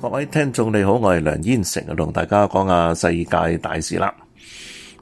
各位聽眾你好，我係梁燕成，同大家講下世界大事啦。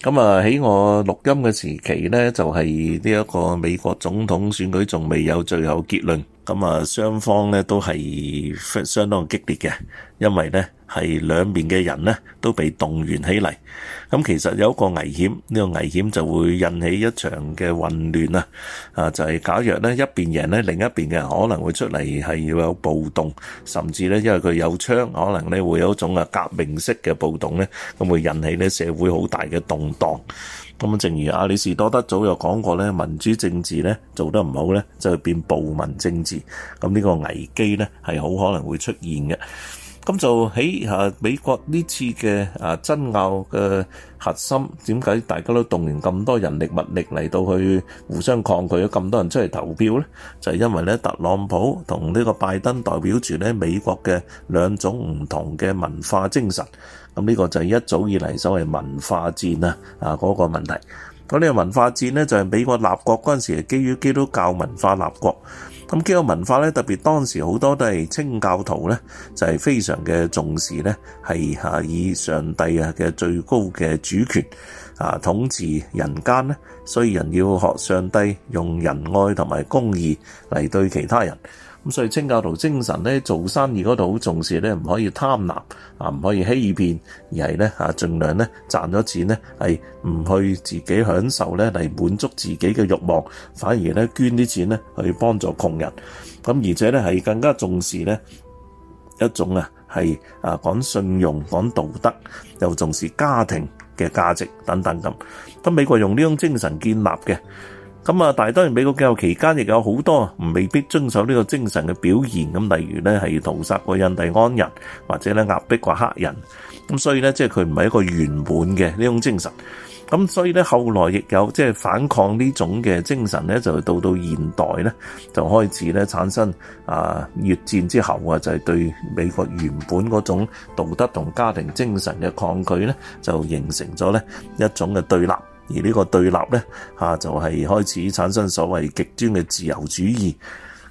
咁啊喺我錄音嘅時期呢，就係呢一個美國總統選舉仲未有最後結論，咁啊雙方呢都係相當激烈嘅。因為咧係兩邊嘅人咧都被動員起嚟，咁其實有一個危險，呢、這個危險就會引起一場嘅混亂啊！啊，就係、是、假若咧一邊贏咧，另一邊嘅人可能會出嚟係要有暴動，甚至咧因為佢有槍，可能咧會有一種啊革命式嘅暴動咧，咁會引起咧社會好大嘅動盪。咁正如亞里士多德早有講過咧，民主政治咧做得唔好咧，就會變暴民政治。咁、這、呢個危機咧係好可能會出現嘅。咁就喺啊美國呢次嘅啊爭拗嘅核心，點解大家都動員咁多人力物力嚟到去互相抗拒？咁多人出嚟投票呢？就係因為咧特朗普同呢個拜登代表住咧美國嘅兩種唔同嘅文化精神。咁呢個就係一早以嚟所謂文化戰啊啊嗰個問題。咁呢個文化戰咧，就係美國立國嗰陣時基於基督教文化立國。咁基督文化咧，特別當時好多都係清教徒咧，就係、是、非常嘅重視咧，係下以上帝啊嘅最高嘅主權啊統治人間咧，所以人要學上帝，用仁愛同埋公義嚟對其他人。咁所以清教徒精神咧，做生意嗰度好重視咧，唔可以貪婪啊，唔可以欺騙，而係咧嚇，儘量咧賺咗錢咧，係唔去自己享受咧，嚟滿足自己嘅慾望，反而咧捐啲錢咧去幫助窮人。咁而且咧係更加重視咧一種啊係啊講信用、講道德，又重視家庭嘅價值等等咁。咁美國用呢種精神建立嘅。咁啊，但係當然美國教育期間亦有好多未必遵守呢個精神嘅表現，咁例如咧係屠殺過印第安人，或者咧壓迫過黑人，咁所以咧即係佢唔係一個完滿嘅呢種精神，咁所以咧後來亦有即係反抗呢種嘅精神咧，就到到現代咧就開始咧產生啊越戰之後啊就係對美國原本嗰種道德同家庭精神嘅抗拒咧，就形成咗咧一種嘅對立。而呢個對立呢，嚇就係開始產生所謂極端嘅自由主義。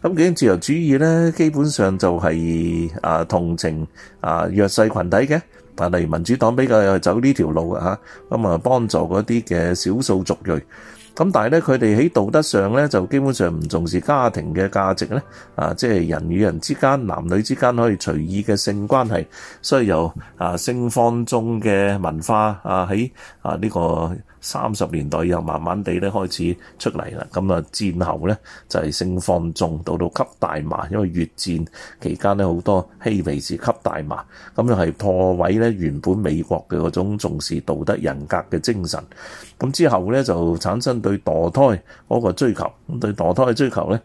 咁既然自由主義呢，基本上就係啊同情啊弱勢羣體嘅，例如民主黨比較走呢條路啊，咁啊幫助嗰啲嘅少數族裔。咁但係呢，佢哋喺道德上呢，就基本上唔重視家庭嘅價值呢，啊即係人與人之間、男女之間可以隨意嘅性關係。所以由啊性放縱嘅文化啊喺啊呢個。三十年代以後，慢慢地咧開始出嚟啦。咁啊，戰後咧就係、是、性放縱，到到吸大麻，因為越戰期間咧好多嬉皮士吸大麻，咁就係破壞咧原本美國嘅嗰種重視道德人格嘅精神。咁之後咧就產生對墮胎嗰個追求，對墮胎嘅追求咧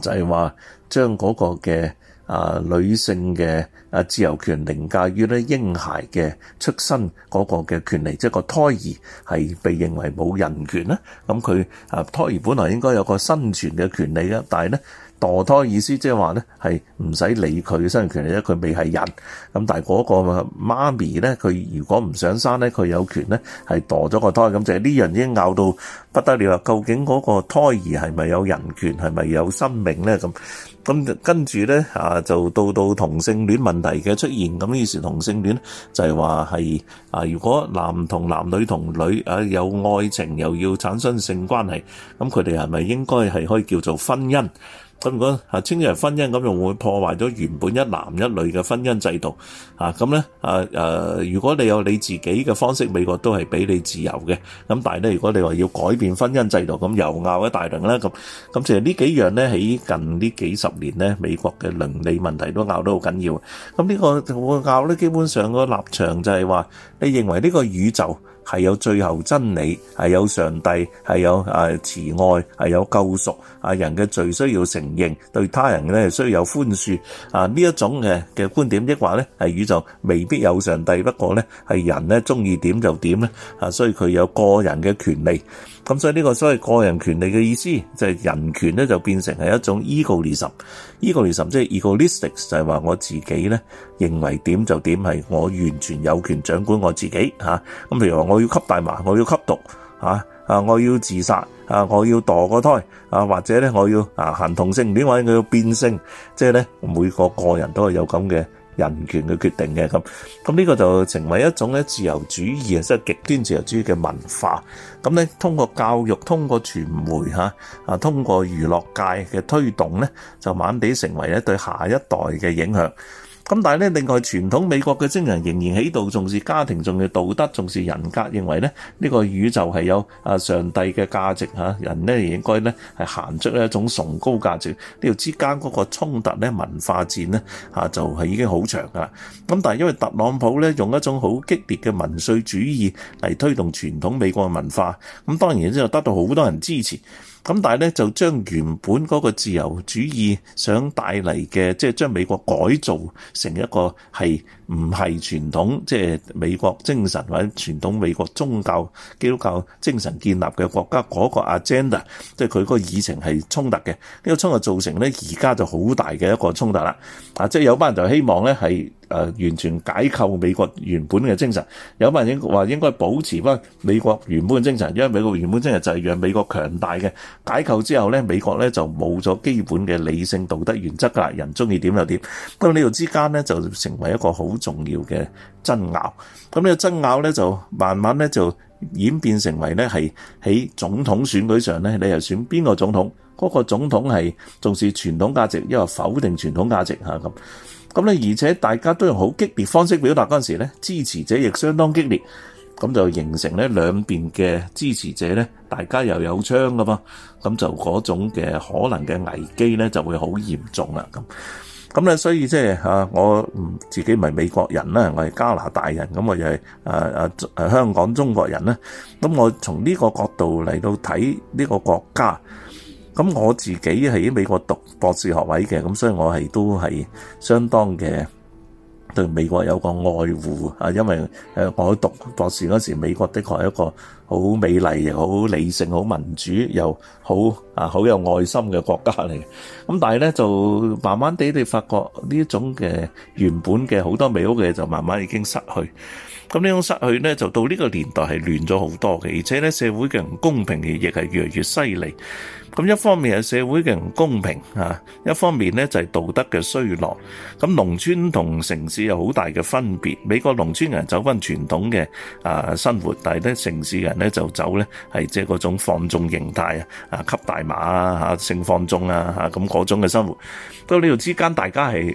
就係、是、話將嗰個嘅啊、呃、女性嘅。啊！自由權凌駕於咧嬰孩嘅出生嗰個嘅權利，即係個胎兒係被認為冇人權咧。咁佢啊，胎兒本來應該有個生存嘅權利嘅，但係咧墮胎意思即係話咧係唔使理佢嘅生存權利咧，因為佢未係人。咁但係嗰個媽咪咧，佢如果唔想生咧，佢有權咧係墮咗個胎。咁就係呢樣已經拗到不得了啦。究竟嗰個胎兒係咪有人權？係咪有生命咧？咁咁跟住咧啊，就到到同性戀問。問題嘅出現，咁於是同性戀就係話係啊，如果男同男女同女啊有愛情，又要產生性關係，咁佢哋係咪應該係可以叫做婚姻？咁如果啊，稱之為婚姻咁，又會，會破壞咗原本一男一女嘅婚姻制度啊。咁咧啊啊、呃，如果你有你自己嘅方式，美國都係俾你自由嘅。咁但係咧，如果你話要改變婚姻制度，咁又拗一大輪啦。咁咁其實呢幾樣咧，喺近呢幾十年咧，美國嘅倫理問題都拗得好緊要。咁呢個會拗咧，基本上個立場就係話，你認為呢個宇宙，係有最後真理，係有上帝，係有啊慈愛，係有救贖啊，人嘅罪需要承認，對他人咧需要有寬恕啊，呢一種嘅嘅觀點，抑或咧係宇宙未必有上帝，不過咧係人咧中意點就點咧啊，所以佢有個人嘅權利。咁所以呢個所謂個人權利嘅意思，就係、是、人權咧就變成係一種 egoism，egoism 即係 egoistic，就係話、e、我自己咧認為點就點，係我完全有權掌管我自己嚇。咁、啊、譬如話我要吸大麻，我要吸毒嚇，啊我要自殺，啊我要墮個胎，啊或者咧我要啊行同性戀或者我要變性，即係咧每個個人都係有咁嘅人權嘅決定嘅咁，咁呢個就成為一種咧自由主義啊，即係極端自由主義嘅文化。咁咧，通過教育、通過傳媒嚇啊，通過娛樂界嘅推動咧，就慢慢地成為咧對下一代嘅影響。咁但係咧，另外傳統美國嘅精英仍然喺度重視家庭，重視道德，重視人格，認為咧呢個宇宙係有啊上帝嘅價值嚇，人咧應該咧係行出一種崇高價值，呢度之間嗰個衝突咧文化戰咧嚇就係已經好長噶啦。咁但係因為特朗普咧用一種好激烈嘅民粹主義嚟推動傳統美國嘅文化，咁當然之後得到好多人支持。咁但係咧，就將原本嗰個自由主義想帶嚟嘅，即係將美國改造成一個，係。唔係傳統，即係美國精神或者傳統美國宗教基督教精神建立嘅國家嗰個 agenda，即係佢個議程係衝突嘅。呢個衝突造成咧，而家就好大嘅一個衝突啦。啊，即係有班人就希望咧係誒完全解構美國原本嘅精神，有班人應話應該保持翻美國原本嘅精神，因為美國原本精神就係讓美國強大嘅。解構之後咧，美國咧就冇咗基本嘅理性道德原則啦，人中意點就點。咁呢度之間咧就成為一個好。重要嘅爭拗，咁呢個爭拗咧就慢慢咧就演變成為咧係喺總統選舉上咧，你又選邊個總統？嗰個總統係重視傳統價值，因為否定傳統價值嚇咁。咁咧而且大家都用好激烈方式表達嗰陣時咧，支持者亦相當激烈，咁就形成咧兩邊嘅支持者咧，大家又有槍㗎嘛，咁就嗰種嘅可能嘅危機咧就會好嚴重喇咁。咁咧，所以即係啊，我唔自己唔係美國人啦，我係加拿大人，咁我又係啊啊啊香港中國人啦。咁我從呢個角度嚟到睇呢個國家，咁我自己喺美國讀博士學位嘅，咁所以我係都係相當嘅對美國有個愛護啊，因為誒我讀博士嗰時，美國的確係一個好美麗又好理性、好民主又好啊好有愛心嘅國家嚟嘅，咁但係咧就慢慢地哋發覺呢一種嘅原本嘅好多美好嘅嘢就慢慢已經失去。咁呢種失去咧，就到呢個年代係亂咗好多嘅，而且咧社會嘅唔公平嘅亦係越嚟越犀利。咁一方面係社會嘅唔公平啊，一方面咧就係道德嘅衰落。咁農村同城市有好大嘅分別。美國農村人走返傳統嘅啊生活，但係咧城市人咧就走咧係即係嗰種放縱形態啊，啊吸大麻啊，吓性放縱啊，吓咁嗰種嘅生活。到呢度之間，大家係，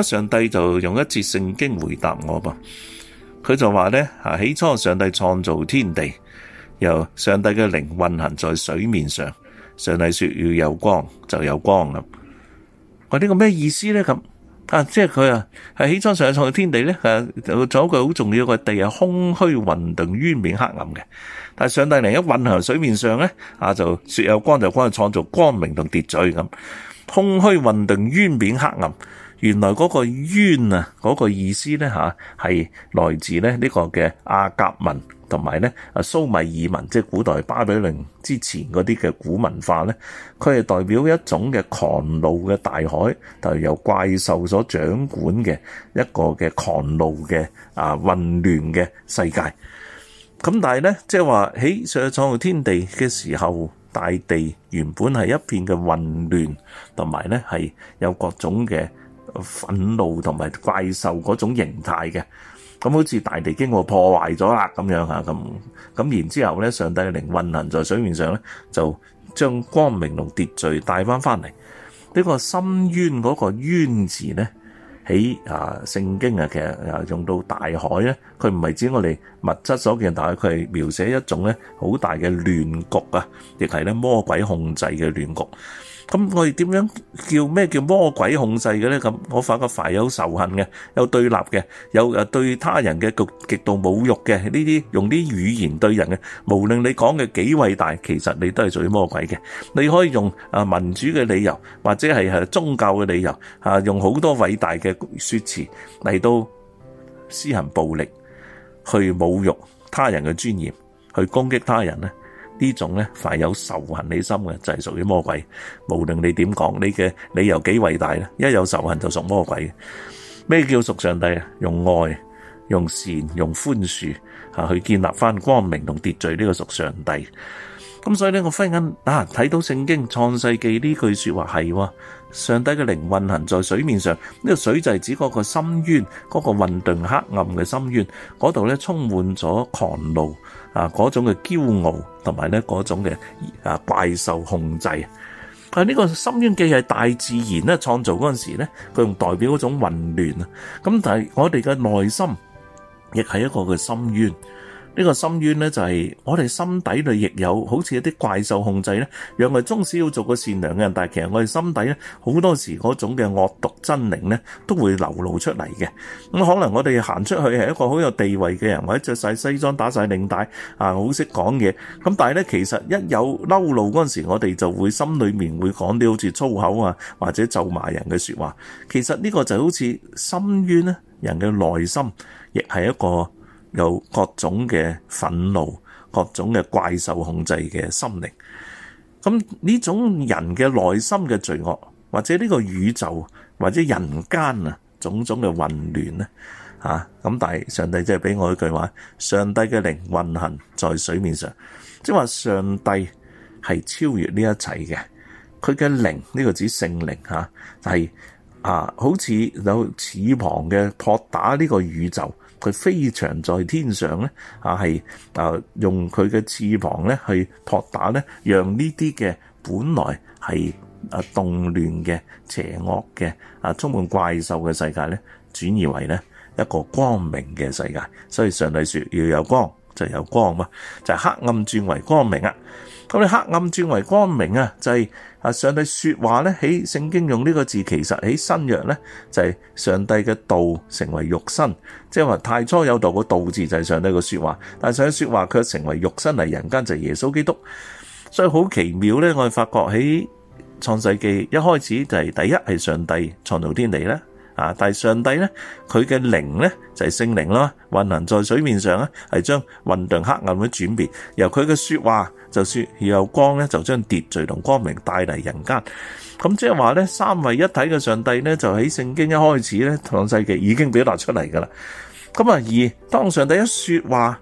上帝就用一節聖經回答我噃，佢就話咧啊，起初上帝創造天地，由上帝嘅靈運行在水面上。上帝說要有光，就有光咁。我呢個咩意思呢？咁啊，即係佢啊，係起初上帝創造天地呢，誒、啊，仲有一句好重要嘅地係，空虛混沌淵面黑暗嘅。但係上帝靈一運行水面上呢，啊，就說有光就光去創、啊、造光明同秩序咁、啊，空虛混沌淵面黑暗。原來嗰個淵啊，嗰個意思咧吓係來自咧呢個嘅亞甲文，同埋咧啊蘇米爾文，即係古代巴比倫之前嗰啲嘅古文化咧。佢係代表一種嘅狂怒嘅大海，就由怪獸所掌管嘅一個嘅狂怒嘅啊混亂嘅世界。咁但係咧，即係話喺上創造天地嘅時候，大地原本係一片嘅混亂，同埋咧係有各種嘅。憤怒同埋怪獸嗰種形態嘅，咁好似大地經過破壞咗啦咁樣吓，同咁然之後咧，上帝嘅靈運行在水面上咧，就將光明同秩序帶翻翻嚟。呢個深淵嗰個淵字咧，喺啊聖經啊，其實啊用到大海咧，佢唔係指我哋物質所見嘅大海，佢係描寫一種咧好大嘅亂局啊，亦係咧魔鬼控制嘅亂局。咁我哋點樣叫咩叫魔鬼控制嘅咧？咁我發覺凡有仇恨嘅，有對立嘅，有誒對他人嘅極極度侮辱嘅，呢啲，用啲語言對人嘅，無論你講嘅幾偉大，其實你都係屬於魔鬼嘅。你可以用啊民主嘅理由，或者係係宗教嘅理由啊，用好多偉大嘅説詞嚟到施行暴力，去侮辱他人嘅尊嚴，去攻擊他人咧。呢種咧，凡有仇恨之心嘅，就係屬於魔鬼。無論你點講，你嘅理由幾偉大咧？一有仇恨就屬魔鬼。咩叫屬上帝啊？用愛、用善、用寬恕吓，去建立翻光明同秩序呢個屬上帝。咁所以咧，我忽然啊睇到聖經創世紀呢句說話係，上帝嘅靈運行在水面上。呢個水就係指嗰個深淵，嗰個混沌黑暗嘅深淵，嗰度咧充滿咗狂怒。啊！嗰種嘅驕傲同埋咧，嗰種嘅啊怪獸控制啊！呢、呢個深淵既係大自然咧創造嗰陣時咧，佢用代表嗰種混亂啊！咁但係我哋嘅內心亦係一個嘅深淵。呢個深淵咧，就係我哋心底裏亦有好似一啲怪獸控制咧。讓我哋終始要做個善良嘅人，但係其實我哋心底咧好多時嗰種嘅惡毒真靈咧都會流露出嚟嘅。咁可能我哋行出去係一個好有地位嘅人，或者著曬西裝打曬領帶啊，好識講嘢。咁但係咧，其實一有嬲怒嗰陣時，我哋就會心裏面會講啲好似粗口啊，或者咒罵人嘅説話。其實呢個就好似深淵咧，人嘅內心亦係一個。有各種嘅憤怒、各種嘅怪獸控制嘅心靈，咁呢種人嘅內心嘅罪惡，或者呢個宇宙，或者人間啊，種種嘅混亂呢。啊咁，但係上帝即係俾我一句話，上帝嘅靈運行在水面上，即係話上帝係超越呢一切嘅，佢嘅靈呢、呢個指聖靈、啊、但係啊，好似有翅膀嘅撲打呢個宇宙。佢飛翔在天上咧，啊，係啊，用佢嘅翅膀咧去撲打咧，讓呢啲嘅本來係啊動亂嘅邪惡嘅啊充滿怪獸嘅世界咧轉移為咧一個光明嘅世界。所以上帝説要有光，就有光嘛，就係、是、黑暗轉為光明啊。咁你黑暗轉為光明啊，就係、是。啊！上帝説話咧，喺聖經用呢個字，其實喺新約咧就係、是、上帝嘅道成為肉身，即係話太初有道，個道字就係上帝個説話，但上帝説話卻成為肉身嚟人間，就係耶穌基督，所以好奇妙咧！我哋發覺喺創世記一開始就係、是、第一係上帝創造天地咧。啊！但係上帝咧，佢嘅靈咧就係聖靈啦，運行在水面上咧，係將混沌黑暗去轉變。由佢嘅說話就說，要有光咧，就將秩序同光明帶嚟人間。咁即係話咧，三位一體嘅上帝咧，就喺聖經一開始咧，創世紀已經表達出嚟噶啦。咁啊，而當上帝一說話，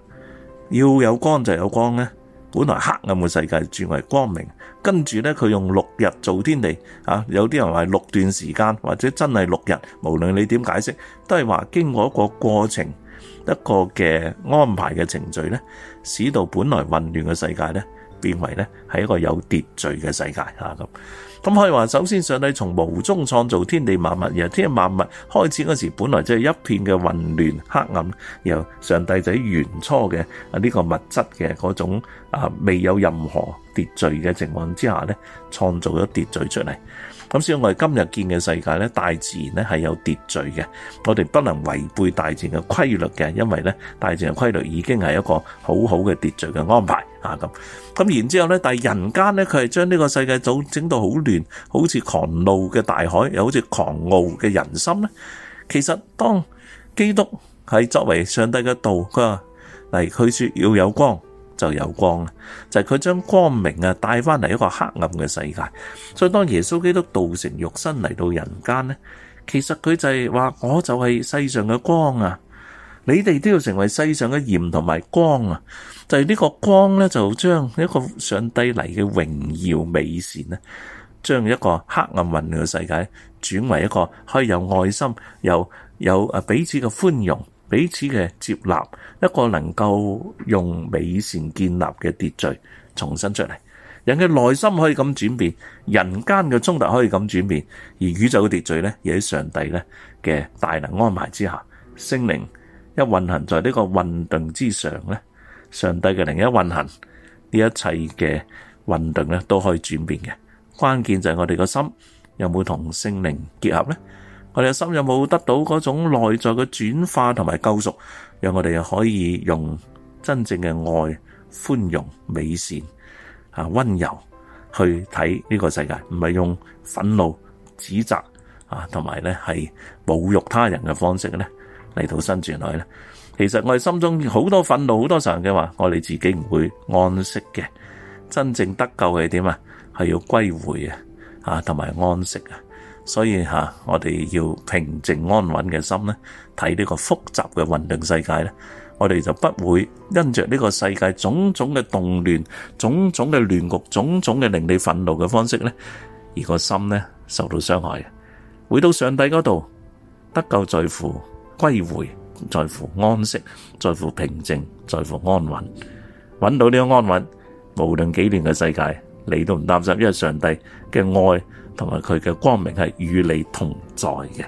要有光就有光咧。本來黑暗嘅世界轉為光明，跟住咧，佢用六日做天地啊！有啲人話六段時間或者真係六日，無論你點解釋，都係話經過一個過程，一個嘅安排嘅程序咧，使到本來混亂嘅世界咧。變為咧係一個有秩序嘅世界吓，咁。咁、啊、可以話，首先上帝從無中創造天地萬物。然後天地萬物開始嗰時，本來即係一片嘅混亂黑暗。由上帝就喺原初嘅呢個物質嘅嗰種啊未有任何秩序嘅情況之下咧，創造咗秩序出嚟。咁所以我哋今日見嘅世界咧，大自然咧係有秩序嘅。我哋不能違背大自然嘅規律嘅，因為咧大自然嘅規律已經係一個好好嘅秩序嘅安排。啊咁，咁然之後咧，但係人間咧，佢係將呢個世界整整到好亂，好似狂怒嘅大海，又好似狂傲嘅人心咧。其實當基督係作為上帝嘅道，佢話嚟，佢説要有光就有光啊，就係佢將光明啊帶翻嚟一個黑暗嘅世界。所以當耶穌基督道成肉身嚟到人間咧，其實佢就係話，我就係世上嘅光啊。你哋都要成為世上嘅鹽同埋光啊！就係呢個光咧，就將一個上帝嚟嘅榮耀美善咧，將一個黑暗混亂嘅世界轉為一個可以有愛心、有有啊彼此嘅寬容、彼此嘅接納，一個能夠用美善建立嘅秩序重新出嚟。人嘅內心可以咁轉變，人間嘅衝突可以咁轉變，而宇宙嘅秩序咧，亦喺上帝咧嘅大能安排之下，升靈。一運行在呢個運動之上呢，上帝嘅另一運行，呢一切嘅運動咧都可以轉變嘅。關鍵就係我哋個心有冇同聖靈結合呢？我哋個心有冇得到嗰種內在嘅轉化同埋救贖，讓我哋可以用真正嘅愛、寬容、美善啊、溫柔去睇呢個世界，唔係用憤怒、指責啊，同埋呢係侮辱他人嘅方式咧。嚟到生子女咧，其實我哋心中好多憤怒，好多時候嘅話，我哋自己唔會安息嘅。真正得救係點啊？係要歸回啊，啊，同埋安息啊。所以吓，我哋要平靜安穩嘅心咧，睇呢個複雜嘅混沌世界咧，我哋就不會因着呢個世界種種嘅動亂、種種嘅亂局、種種嘅令你憤怒嘅方式咧，而個心咧受到傷害。回到上帝嗰度得救在乎，歸回，在乎安息，在乎平靜，在乎安穩。搵到呢個安穩，無論幾亂嘅世界，你都唔擔心，因為上帝嘅愛同埋佢嘅光明係與你同在嘅。